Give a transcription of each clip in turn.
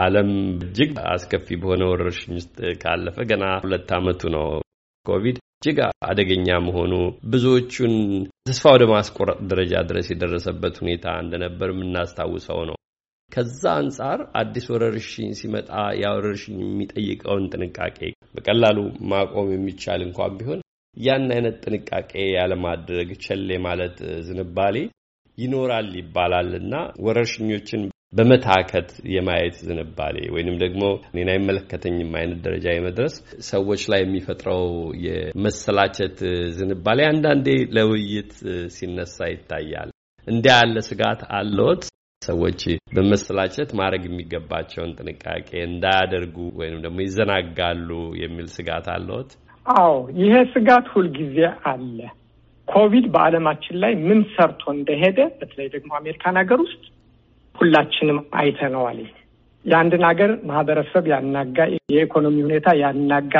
ዓለም እጅግ አስከፊ በሆነ ወረርሽኝ ውስጥ ካለፈ ገና ሁለት ዓመቱ ነው። ኮቪድ እጅግ አደገኛ መሆኑ ብዙዎቹን ተስፋ ወደ ማስቆረጥ ደረጃ ድረስ የደረሰበት ሁኔታ እንደነበር የምናስታውሰው ነው። ከዛ አንጻር አዲስ ወረርሽኝ ሲመጣ ያ ወረርሽኝ የሚጠይቀውን ጥንቃቄ በቀላሉ ማቆም የሚቻል እንኳን ቢሆን ያን አይነት ጥንቃቄ ያለማድረግ ቸሌ ማለት ዝንባሌ ይኖራል ይባላል እና ወረርሽኞችን በመታከት የማየት ዝንባሌ ወይንም ደግሞ እኔን አይመለከተኝም አይነት ደረጃ የመድረስ ሰዎች ላይ የሚፈጥረው የመሰላቸት ዝንባሌ አንዳንዴ ለውይይት ሲነሳ ይታያል። እንዲያ ያለ ስጋት አለዎት? ሰዎች በመሰላቸት ማድረግ የሚገባቸውን ጥንቃቄ እንዳያደርጉ ወይም ደግሞ ይዘናጋሉ የሚል ስጋት አለዎት? አዎ፣ ይሄ ስጋት ሁልጊዜ አለ። ኮቪድ በዓለማችን ላይ ምን ሰርቶ እንደሄደ በተለይ ደግሞ አሜሪካን ሀገር ውስጥ ሁላችንም አይተነዋል። የአንድን ሀገር ማህበረሰብ ያናጋ፣ የኢኮኖሚ ሁኔታ ያናጋ።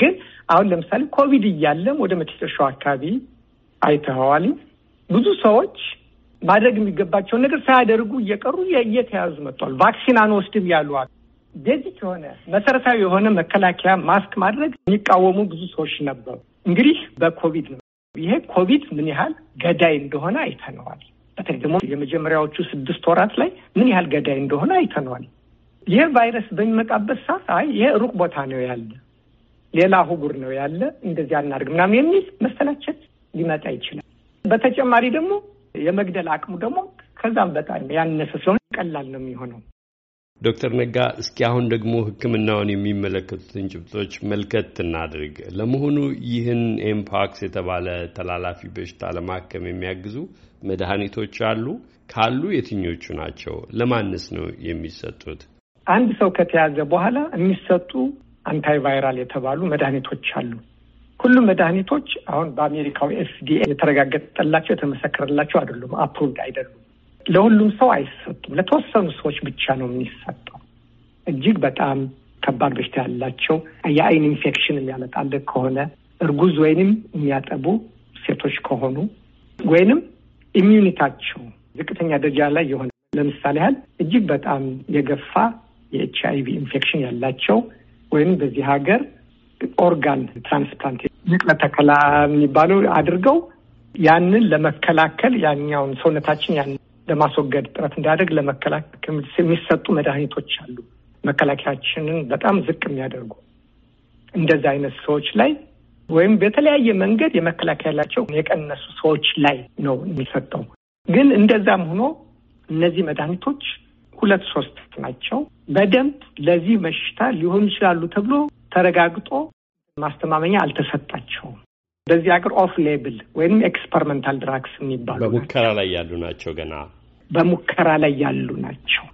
ግን አሁን ለምሳሌ ኮቪድ እያለም ወደ መጨረሻው አካባቢ አይተኸዋል። ብዙ ሰዎች ማድረግ የሚገባቸውን ነገር ሳያደርጉ እየቀሩ እየተያዙ መጥቷል። ቫክሲን አንወስድም ያሉ ቤዚክ የሆነ መሰረታዊ የሆነ መከላከያ ማስክ ማድረግ የሚቃወሙ ብዙ ሰዎች ነበሩ። እንግዲህ በኮቪድ ነው። ይሄ ኮቪድ ምን ያህል ገዳይ እንደሆነ አይተነዋል። በተለይ ደግሞ የመጀመሪያዎቹ ስድስት ወራት ላይ ምን ያህል ገዳይ እንደሆነ አይተነዋል። ይህ ቫይረስ በሚመጣበት ሰዓት አይ ይህ ሩቅ ቦታ ነው ያለ፣ ሌላ አህጉር ነው ያለ፣ እንደዚህ አናድርግ ምናምን የሚል መሰላቸት ሊመጣ ይችላል። በተጨማሪ ደግሞ የመግደል አቅሙ ደግሞ ከዛም በጣም ያነሰ ስለሆነ ቀላል ነው የሚሆነው። ዶክተር ነጋ እስኪ አሁን ደግሞ ሕክምናውን የሚመለከቱትን ጭብጦች መልከት እናድርግ። ለመሆኑ ይህን ኤምፓክስ የተባለ ተላላፊ በሽታ ለማከም የሚያግዙ መድኃኒቶች አሉ? ካሉ የትኞቹ ናቸው? ለማንስ ነው የሚሰጡት? አንድ ሰው ከተያዘ በኋላ የሚሰጡ አንታይቫይራል የተባሉ መድኃኒቶች አሉ። ሁሉም መድኃኒቶች አሁን በአሜሪካዊ ኤፍዲኤ የተረጋገጠላቸው የተመሰከረላቸው አይደሉም፣ አፕሩቭድ አይደሉም። ለሁሉም ሰው አይሰጡም። ለተወሰኑ ሰዎች ብቻ ነው የሚሰጠው። እጅግ በጣም ከባድ በሽታ ያላቸው የአይን ኢንፌክሽን የሚያመጣል ከሆነ እርጉዝ ወይንም የሚያጠቡ ሴቶች ከሆኑ ወይንም ኢሚዩኒታቸው ዝቅተኛ ደረጃ ላይ የሆነ ለምሳሌ ያህል እጅግ በጣም የገፋ የኤች አይ ቪ ኢንፌክሽን ያላቸው ወይም በዚህ ሀገር ኦርጋን ትራንስፕላንት ንቅለ ተከላ የሚባለው አድርገው ያንን ለመከላከል ያኛውን ሰውነታችን ያን ለማስወገድ ጥረት እንዳያደርግ ለመከላከል የሚሰጡ መድኃኒቶች አሉ። መከላከያችንን በጣም ዝቅ የሚያደርጉ እንደዚ አይነት ሰዎች ላይ ወይም በተለያየ መንገድ ያላቸው የቀነሱ ሰዎች ላይ ነው የሚሰጠው። ግን እንደዛም ሆኖ እነዚህ መድኃኒቶች ሁለት ሶስት ናቸው። በደንብ ለዚህ በሽታ ሊሆኑ ይችላሉ ተብሎ ተረጋግጦ ማስተማመኛ አልተሰጣቸውም። በዚህ ሀገር ኦፍ ሌብል ወይም ኤክስፐሪመንታል ድራግስ የሚባሉ በሙከራ ላይ ያሉ ናቸው ገና በሙከራ ላይ ያሉ ናቸው።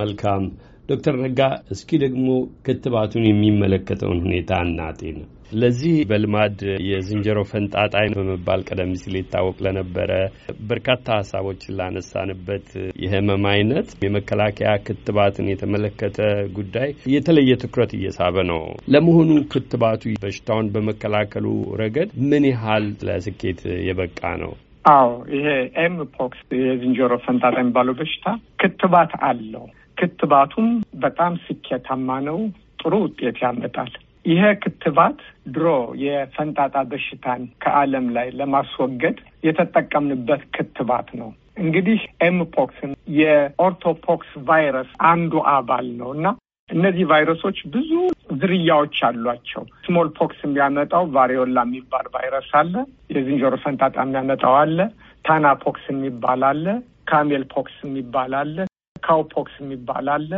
መልካም ዶክተር ነጋ እስኪ ደግሞ ክትባቱን የሚመለከተውን ሁኔታ እናጤን። ለዚህ በልማድ የዝንጀሮ ፈንጣጣይ በመባል ቀደም ሲል ይታወቅ ለነበረ በርካታ ሀሳቦችን ላነሳንበት የህመም አይነት የመከላከያ ክትባትን የተመለከተ ጉዳይ የተለየ ትኩረት እየሳበ ነው። ለመሆኑ ክትባቱ በሽታውን በመከላከሉ ረገድ ምን ያህል ለስኬት የበቃ ነው? አዎ ይሄ ኤም ፖክስ የዝንጀሮ ፈንጣጣ የሚባለው በሽታ ክትባት አለው። ክትባቱም በጣም ስኬታማ ነው። ጥሩ ውጤት ያመጣል። ይሄ ክትባት ድሮ የፈንጣጣ በሽታን ከዓለም ላይ ለማስወገድ የተጠቀምንበት ክትባት ነው። እንግዲህ ኤምፖክስን የኦርቶፖክስ ቫይረስ አንዱ አባል ነው እና እነዚህ ቫይረሶች ብዙ ዝርያዎች አሏቸው። ስሞል ፖክስ የሚያመጣው ቫሪዮላ የሚባል ቫይረስ አለ። የዝንጀሮ ፈንጣጣ የሚያመጣው አለ። ታና ፖክስ የሚባል አለ። ካሜል ፖክስ የሚባል አለ። ካው ፖክስ የሚባል አለ።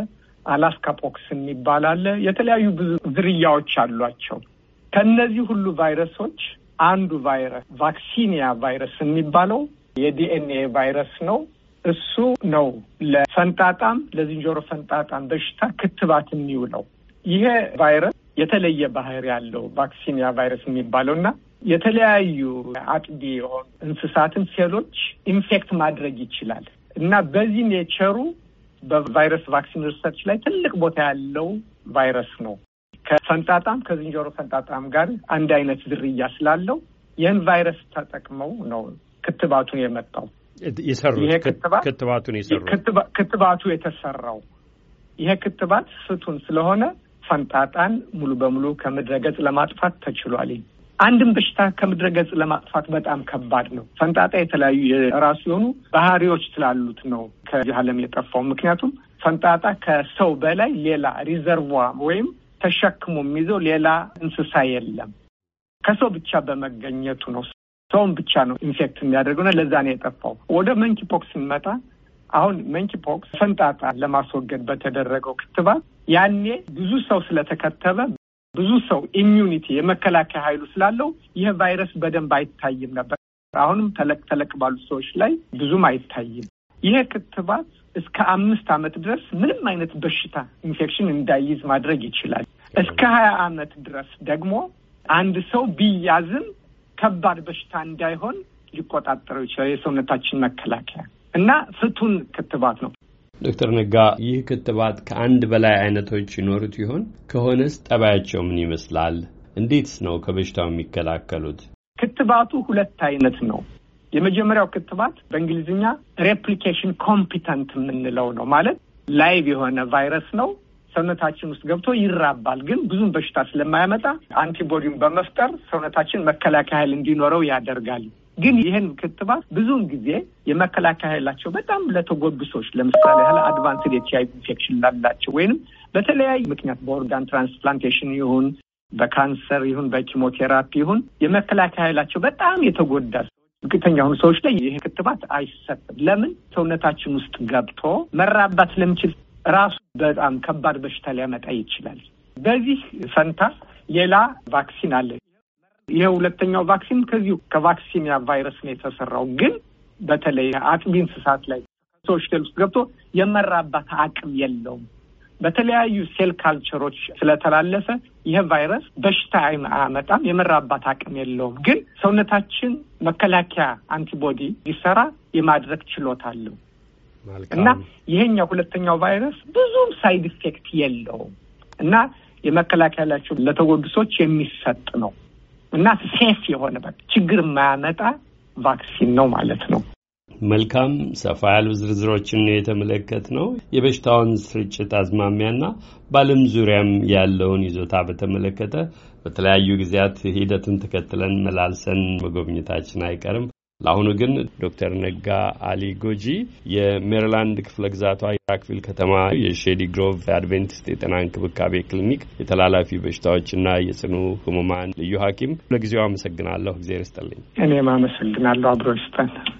አላስካ ፖክስ የሚባል አለ። የተለያዩ ብዙ ዝርያዎች አሏቸው። ከእነዚህ ሁሉ ቫይረሶች አንዱ ቫይረስ ቫክሲኒያ ቫይረስ የሚባለው የዲኤንኤ ቫይረስ ነው። እሱ ነው ለፈንጣጣም ለዝንጀሮ ፈንጣጣም በሽታ ክትባት የሚውለው። ይሄ ቫይረስ የተለየ ባህሪ ያለው ቫክሲኒያ ቫይረስ የሚባለው እና የተለያዩ አጥቢ የሆኑ እንስሳትን ሴሎች ኢንፌክት ማድረግ ይችላል እና በዚህ ኔቸሩ በቫይረስ ቫክሲን ሪሰርች ላይ ትልቅ ቦታ ያለው ቫይረስ ነው። ከፈንጣጣም ከዝንጀሮ ፈንጣጣም ጋር አንድ አይነት ዝርያ ስላለው ይህን ቫይረስ ተጠቅመው ነው ክትባቱን የመጣው። የሰሩት ክትባቱን የሰሩት ክትባቱ የተሰራው ይሄ ክትባት ፍቱን ስለሆነ ፈንጣጣን ሙሉ በሙሉ ከምድረገጽ ለማጥፋት ተችሏል። አንድም በሽታ ከምድረገጽ ለማጥፋት በጣም ከባድ ነው። ፈንጣጣ የተለያዩ የራሱ የሆኑ ባህሪዎች ስላሉት ነው ከዚህ ዓለም የጠፋው። ምክንያቱም ፈንጣጣ ከሰው በላይ ሌላ ሪዘርቫ ወይም ተሸክሞ የሚይዘው ሌላ እንስሳ የለም። ከሰው ብቻ በመገኘቱ ነው ሰውን ብቻ ነው ኢንፌክት የሚያደርገውና ለዛ ነው የጠፋው። ወደ መንኪ ፖክስ ስንመጣ አሁን መንኪ ፖክስ ፈንጣጣ ለማስወገድ በተደረገው ክትባት ያኔ ብዙ ሰው ስለተከተበ ብዙ ሰው ኢሚዩኒቲ የመከላከያ ኃይሉ ስላለው ይህ ቫይረስ በደንብ አይታይም ነበር። አሁንም ተለቅ ተለቅ ባሉ ሰዎች ላይ ብዙም አይታይም። ይህ ክትባት እስከ አምስት ዓመት ድረስ ምንም አይነት በሽታ ኢንፌክሽን እንዳይይዝ ማድረግ ይችላል። እስከ ሀያ ዓመት ድረስ ደግሞ አንድ ሰው ቢያዝም ከባድ በሽታ እንዳይሆን ሊቆጣጠረው ይችላል። የሰውነታችን መከላከያ እና ፍቱን ክትባት ነው። ዶክተር ነጋ ይህ ክትባት ከአንድ በላይ አይነቶች ይኖሩት ይሆን? ከሆነስ ጠባያቸው ምን ይመስላል? እንዴትስ ነው ከበሽታው የሚከላከሉት? ክትባቱ ሁለት አይነት ነው። የመጀመሪያው ክትባት በእንግሊዝኛ ሬፕሊኬሽን ኮምፒተንት የምንለው ነው። ማለት ላይቭ የሆነ ቫይረስ ነው ሰውነታችን ውስጥ ገብቶ ይራባል። ግን ብዙም በሽታ ስለማያመጣ አንቲቦዲውን በመፍጠር ሰውነታችን መከላከያ ኃይል እንዲኖረው ያደርጋል። ግን ይህን ክትባት ብዙውን ጊዜ የመከላከያ ኃይላቸው በጣም ለተጎዱ ሰዎች ለምሳሌ ያህል አድቫንስድ ኤች አይ ቪ ኢንፌክሽን ላላቸው ወይንም በተለያዩ ምክንያት በኦርጋን ትራንስፕላንቴሽን ይሁን በካንሰር ይሁን በኪሞቴራፒ ይሁን የመከላከያ ኃይላቸው በጣም የተጎዳ ዝቅተኛ የሆኑ ሰዎች ላይ ይህ ክትባት አይሰጥም። ለምን? ሰውነታችን ውስጥ ገብቶ መራባት ስለሚችል ራሱ በጣም ከባድ በሽታ ሊያመጣ ይችላል። በዚህ ፈንታ ሌላ ቫክሲን አለ። ይህ ሁለተኛው ቫክሲን ከዚሁ ከቫክሲኒያ ቫይረስ ነው የተሰራው። ግን በተለይ አጥቢ እንስሳት ላይ ሰዎች ሴል ውስጥ ገብቶ የመራባት አቅም የለውም። በተለያዩ ሴል ካልቸሮች ስለተላለፈ ይህ ቫይረስ በሽታ አያመጣም፣ የመራባት አቅም የለውም። ግን ሰውነታችን መከላከያ አንቲቦዲ ሊሰራ የማድረግ ችሎታ አለው። እና ይሄኛው ሁለተኛው ቫይረስ ብዙም ሳይድ ኢፌክት የለውም እና የመከላከያላቸው ለተጎዱ ሰዎች የሚሰጥ ነው እና ሴፍ የሆነ በቃ ችግር የማያመጣ ቫክሲን ነው ማለት ነው። መልካም ሰፋ ያሉ ዝርዝሮችን ነው የተመለከት ነው። የበሽታውን ስርጭት አዝማሚያና በዓለም ዙሪያም ያለውን ይዞታ በተመለከተ በተለያዩ ጊዜያት ሂደትን ተከትለን መላልሰን መጎብኘታችን አይቀርም። ለአሁኑ ግን ዶክተር ነጋ አሊ ጎጂ የሜሪላንድ ክፍለ ግዛቷ የራክቪል ከተማ የሼዲ ግሮቭ አድቬንቲስት የጤና እንክብካቤ ክሊኒክ የተላላፊ በሽታዎችና የጽኑ ህሙማን ልዩ ሐኪም ለጊዜው አመሰግናለሁ። እግዜር ይስጥልኝ። እኔም አመሰግናለሁ አብሮ ይስጠን።